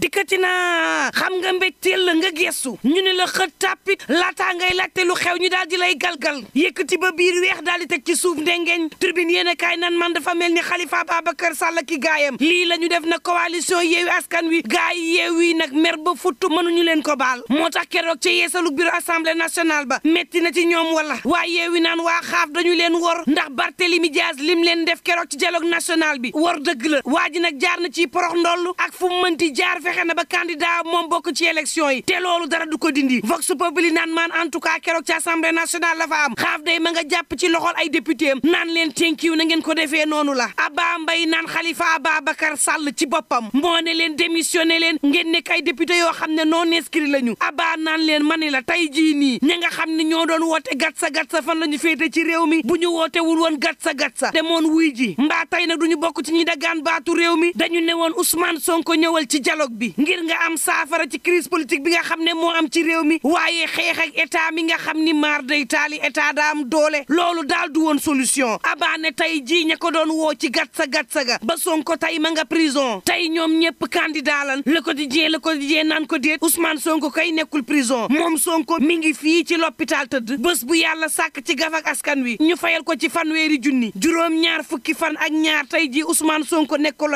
dikkati naa xam nga mbégteel la nga gestu ñu ne la xët tàppit laataa ngay laajte lu xew ñu daal di lay galgal ti ba biir weex daal di teg ci suuf ndengeñ tribune yéen a kaay nan man dafa mel ni Khalifa Ababacar Sall ki gaayam lii la ñu def na coalition yeewi askan wi gaay yeewi nag mer ba futt mënuñu leen ko baal moo tax keroog ca yeesalu bureau assemblée nationale ba metti na ci ñoom wala waa yeewi naan waa xaaf dañu leen wor ndax Barthélemy Dias lim leen def keroog ci dialogue national bi wor dëgg la waa ji nag jaar ci porox ndoll ak fu mu fexe na ba candidat moom bokk ci élection yi te loolu dara du ko dindi vox populi naan maan en tout keroog ci assemblée nationale la fa am xaaf day ma nga jàpp ci loxol ay député am naan leen tenkiw na ngeen ko defee noonu la Abba Mbaye naan Khalifa Ababacar Sall ci boppam moo leen démissionné leen ngeen nekk ay député yoo xam ne non inscrit lañu Abba naan leen mani la tey jii nii ña xam ne ñoo woote gatsa gatsa fan la ñu ci réew mi bu ñu wootewul woon gatsa gatsa demoon wuy ji mbaa mi dañu ne bi ngir nga am saafara ci crise politique bi nga xam ne moo am ci réew mi waaye xeex ak état mi nga xam ni maar day taali état daa am doole loolu daal du woon solution abaane tey jii ña ko doon woo ci gatsa gatsa ga ba Sonko tey ma nga prison tey ñoom ñëpp candidat lan Le Quotidien Le Quotidien naan ko déet Ousmane Sonko kay nekkul prison moom Sonko mi ngi fii ci l'hôpital tëdd bës bu yàlla sàkk ci gafak askan wi ñu fayal ko ci fan fanweeri junni juróom ñaar fukki fan ak ñaar tey jii Ousmane Sonko nekk ko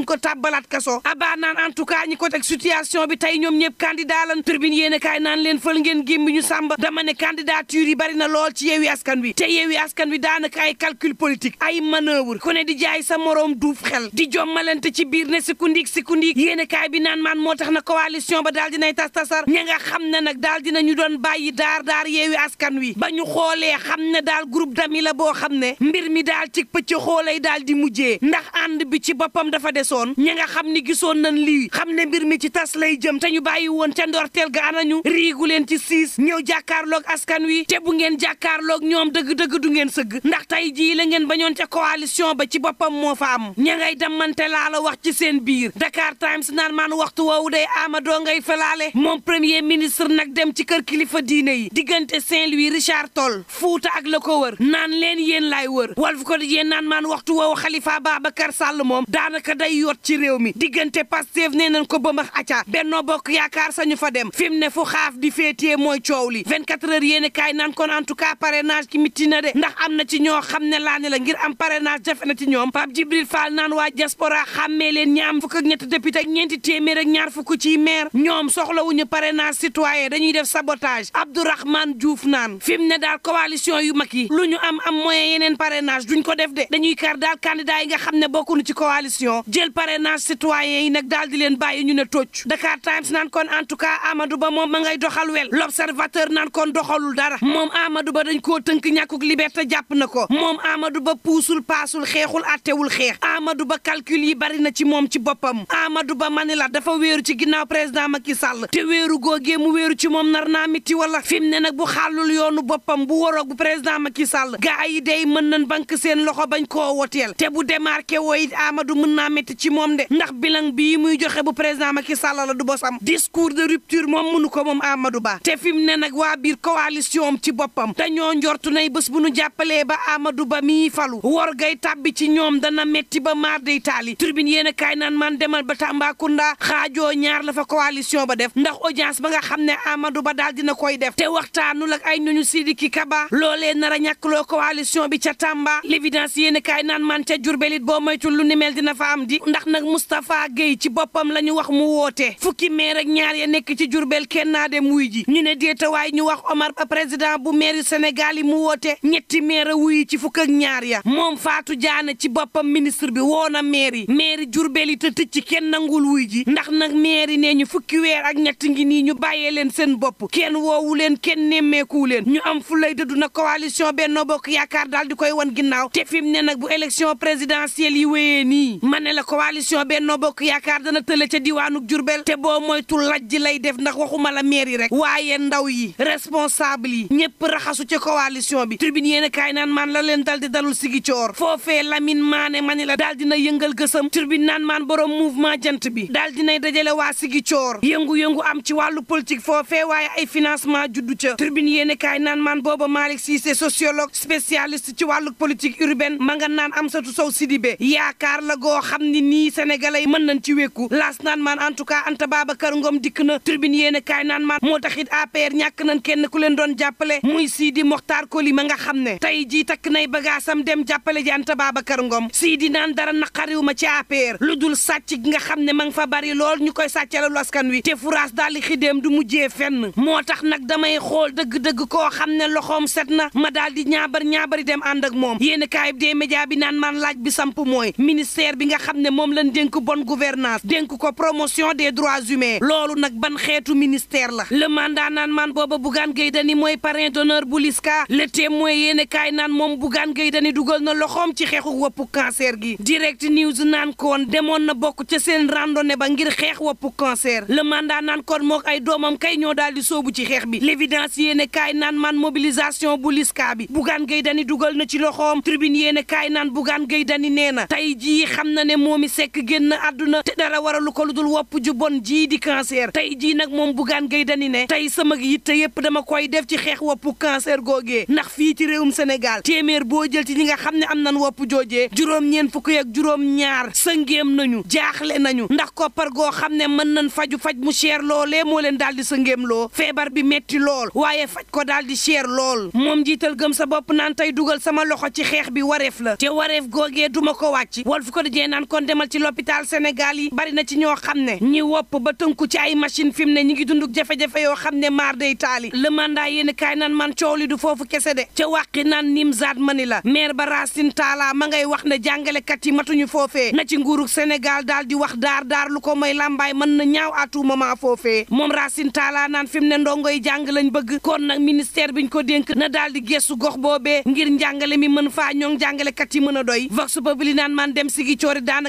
Sonko tàbbalaat kaso abaa naan en tout cas ñi ko teg situation bi tey ñoom ñëpp candidat lan turbine yéen kaay naan leen fël ngeen gémbi ñu sàmb dama ne candidature yi bari na lool ci yeewi askan wi te yeewi askan wi daanaka ay calcul ay manœuvre ku ne di jaay sa moroom duuf xel di jommalante ci biir ne sikundiik sikundiik yéen kaay bi naan maan moo tax na coalition ba daal dinay tas tasar ña nga xam ne nag daal dinañu doon bàyyi daar soon ña nga xam ni gisoon nañ lii xam ne mbir mi ci tas lay jëm te ñu bàyyi woon ca ndorteel ga anañu riigu leen ci siis ñëw jàkkaarloog askan wi te bu ngeen jàkkaarloog ñoom dëgg-dëgg du ngeen sëgg ndax tey jii la ngeen bañoon ca coalition ba ci boppam moo fa am ña ngay demante laa la wax ci seen biir Dakar Times naan maan waxtu woowu day Amadou ngay falaale moom premier ministre nag dem ci kër kilifa diine yi diggante Saint-Louis Richard Toll Fuuta ak la ko wër naan leen yéen laay wër Walf Quotidien naan maan waxtu woowu Khalifa Babacar Sall moom daanaka yot ci réew mi diggante Pastef nee ko ba max acca Benno Bokk Yaakaar sañu fa dem fi ne fu xaaf di féetee mooy coow li 24 heures yéeni kaay naan kon en tout cas parrainage ki mitti na de ndax am na ci ñoo xam ne laa la ngir am parrainage jafe na ci ñoom Pape Djibril Fall naan waa diaspora xàmmee leen ñi am fukk ak ñetti député ak ñeenti téeméer ak ñaar fukk ci maire ñoom soxlawuñu parrainage citoyen dañuy def sabotage Abdourahmane Diouf naan fi mu ne daal coalition yu mag yi lu ñu am am moyen yeneen parrainage duñ ko def de dañuy kar daal candidat yi nga xam ne bokkuñu ci coalition jël parrainage citoyen yi nag daal di leen bàyyi ñu ne tocc Dakar Times naan kon en tout cas Amadou Ba moom ma ngay doxal wel l'observateur naan ko doxalul dara moom amadu Ba dañ koo tënk ñàkkuk liberté jàpp na ko moom Amadou Ba puusul paasul xeexul attewul xeex Amadou Ba calcul yi bari na ci moom ci boppam Amadou Ba mani la dafa wéeru ci ginnaaw président Macky Sall te wéeru googee mu wéeru ci moom nar naa miti wala fi mu ne nag bu xàllul yoonu boppam bu waroog bu président Macky Sall gaa yi day mën nañ bank seen loxo bañ koo woteel te bu démarqué wooy Amadou mën naa miti ci moom de ndax bilan bii muy joxe bu président Macky Sall la du bosam discours de rupture moom mënu ko moom Amadou Ba te fi mu ne nag waa biir coalition am ci boppam dañoo njortu nay bés bu nu jàppalee ba Amadou Ba mii falu wor gay tàbbi ci ñoom dana metti ba maar day taali tribune yéen a kaay naan man demal ba Tambacounda xaajoo ñaar la fa coalition ba def ndax audience ba nga xam ne Amadou Ba daal dina koy def te waxtaanu ak ay ñooñu Sidiki Kaba loolee nar a ñàkkloo coalition bi ca Tamba l'évidence yéen kaay naan man ca Diourbel it boo moytul lu ni mel dina fa am bi ndax nag Moustapha Guèye ci boppam la ñu wax mu woote fukki maire ak ñaar ya nekk ci Jurbel kenn naa dem ji ñu ne déetawaay ñu wax Omar Ba président bu meeri Sénégal yi mu woote ñetti maire wuy ci fukk ñaar ya moom faatu jaane ci boppam ministre bi woo na maire yi maire Jurbel yi te tëj ci kenn nangul wuy ji ndax nag maire yi nee ñu fukki weer ak ñett ngi nii ñu bàyyee leen seen bopp kenn woowu leen kenn nemmeeku leen ñu am fu lay dëddu na coalition Benno Bokk Yaakaar daal koy wan ginnaaw te fi mu ne nag bu élection présidentielle yi wéyee nii ma ne la coalition Benno Bokk Yaakaar dana tële ca diwaanu Jurbel te boo moytu lajj lay def ndax waxuma la maire yi rek waaye ndaw yi responsable yi ñëpp raxasu ca coalition bi tribune yéen kaay naan maan la leen dal di dalul sigi coor foofee Lamine Maane mani la daal dina yëngal gësam tribune naan maan borom mouvement jant bi daal dinay dajale waa sigi coor yëngu-yëngu am ci wàllu politique foofee waaye ay financement juddu ca tribune yéen kaay naan maan booba Malick Cissé sociologue spécialiste ci wàllu politique urbaine ma nga naan Amsatou Sow Sidibé yaakaar la goo xam ni ngi nii sénégalais mën nañ ci wékku laas naan maan en tout cas Anta Babacar Ngom dikk na turbine yéene kaay naan maan moo taxit APR ñàkk nañ kenn ku leen doon jàppale muy Sidi Mokhtar Koli ma nga xam ne tey jii takk nay bagaasam dem jàppale ji Anta Babacar Ngom Sidi naan dara naqariw ma ci APR lu dul sàcc gi nga xam ne ma nga fa bari lool ñu koy sàccalalu askan wi te furaas daal di xidéem du mujjee fenn moo tax nag damay xool dëgg-dëgg koo xam ne loxoom set na ma daal di ñaabar ñaabari dem ànd ak moom yéene kaay bi dee bi naan maan laaj bi samp mooy ministère bi nga xam ne moom lañ dénk bonne gouvernance dénk ko promotion des droits humains loolu nag ban xeetu ministère la le mandat naan maan booba Bougane Gueye Dany mooy parrain d'honneur bu Liska le témoin yéene kaay naan moom Bougane Gueye Dany dugal na loxoom ci xeexu woppu cancer gi direct news naan koon demoon na bokk ca seen randonnée ba ngir xeex woppu cancer le mandat naan kon mook ay doomam kay ñoo daal di soobu ci xeex bi l'évidence yéene kaay naan man mobilisation bu Liska bi Bougane Gueye dugal ci loxoom tribune yéene Momy Seck génn àdduna te dara waralu ko lu dul wopp ju bon jii di cancer tey jii nag moom Bougane Gueye Dany ne tey sama yitte yépp dama koy def ci xeex woppu cancer googee ndax fii ci réewum senegal téeméer boo jël ci ñi nga xam ne am nan wopp joojee juróom-ñeen fukk ak juróom-ñaar sëngeem nañu jaaxle nañu ndax koppar goo xam ne mën nañ faju faj mu cher loole moo leen daal di sëngeem loo feebar bi metti lool waaye faj ko daal di cher lool moom jiital gëm sa bopp naan tey dugal sama loxo ci xeex bi wareef la te wareef googee duma ko wàcc demal ci l'hôpital Sénégal yi bari na ci ñoo xam ne ñi wopp ba tënku ci ay machine fi mu ne ñi ngi dund jafe-jafe yoo xam ne maar day taali le mandat yéen kaay naan man coow li du foofu kese de ca wàqi naan Nimzaat mani la maire ba Racine Talla ma ngay wax ne jàngalekat yi matuñu foofee na ci nguurug Sénégal daal di wax daar daar lu ko may làmbaay mën na ñaaw à tout foofe foofee moom Racine Talla naan fi mu ne ndongoy jàng lañ bëgg kon nag ministère biñ ko dénk na daal di gestu gox boobee ngir njàngale mi mën faa ñoŋ jàngalekat yi mën a doy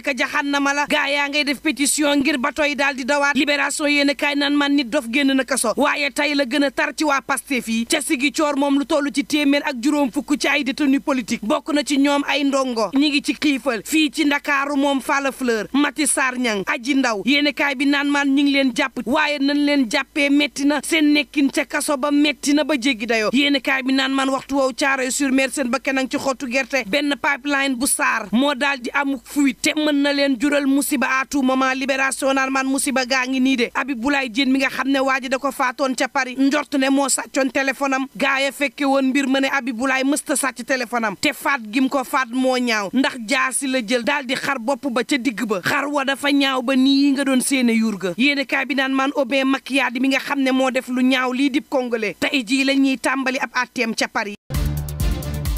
daanaka jaxannama la gaa yaa ngay def pétition ngir bato yi daal di dawaat libération yéen kaay naan man nit dof génn na kaso waaye tey la gën a tar ci waa Pastef yi ca sigi moom lu toll ci téeméer ak juróom fukk ci ay détenu politique bokk na ci ñoom ay ndongo ñi ngi ci xiifal fii ci ndakaaru moom Falla Fleur Mati Sarr Niang aji ndaw yéen kaay bi naan man ñi ngi leen jàpp waaye nañ leen jàppee metti na seen nekkin ca kaso ba metti na ba jéggi dayoo yéen kaay bi naan man waxtu woowu caare sur mer seen ba kenang ci xottu gerte benn pipeline bu saar mën na leen jural musiba à tout moment libération naan man musiba gaa ngi nii de Habib Boulaye Diène mi nga xam ne waa ji da ko faatoon ca pari njort ne moo sàccoon téléphone am ya fekke woon mbir ma ne Habib Boulaye mësta sàcc téléphone te faat gim ko faat moo ñaaw ndax jaasi la jël daal di xar bopp ba ca digg ba xar wa dafa ñaaw ba nii nga doon séene yuur yéene kaay bi naan man Aubin Makiadi mi nga xam ne moo def lu ñaaw lii dib congolais tey jii la ñuy tàmbali ab àtteem ca Paris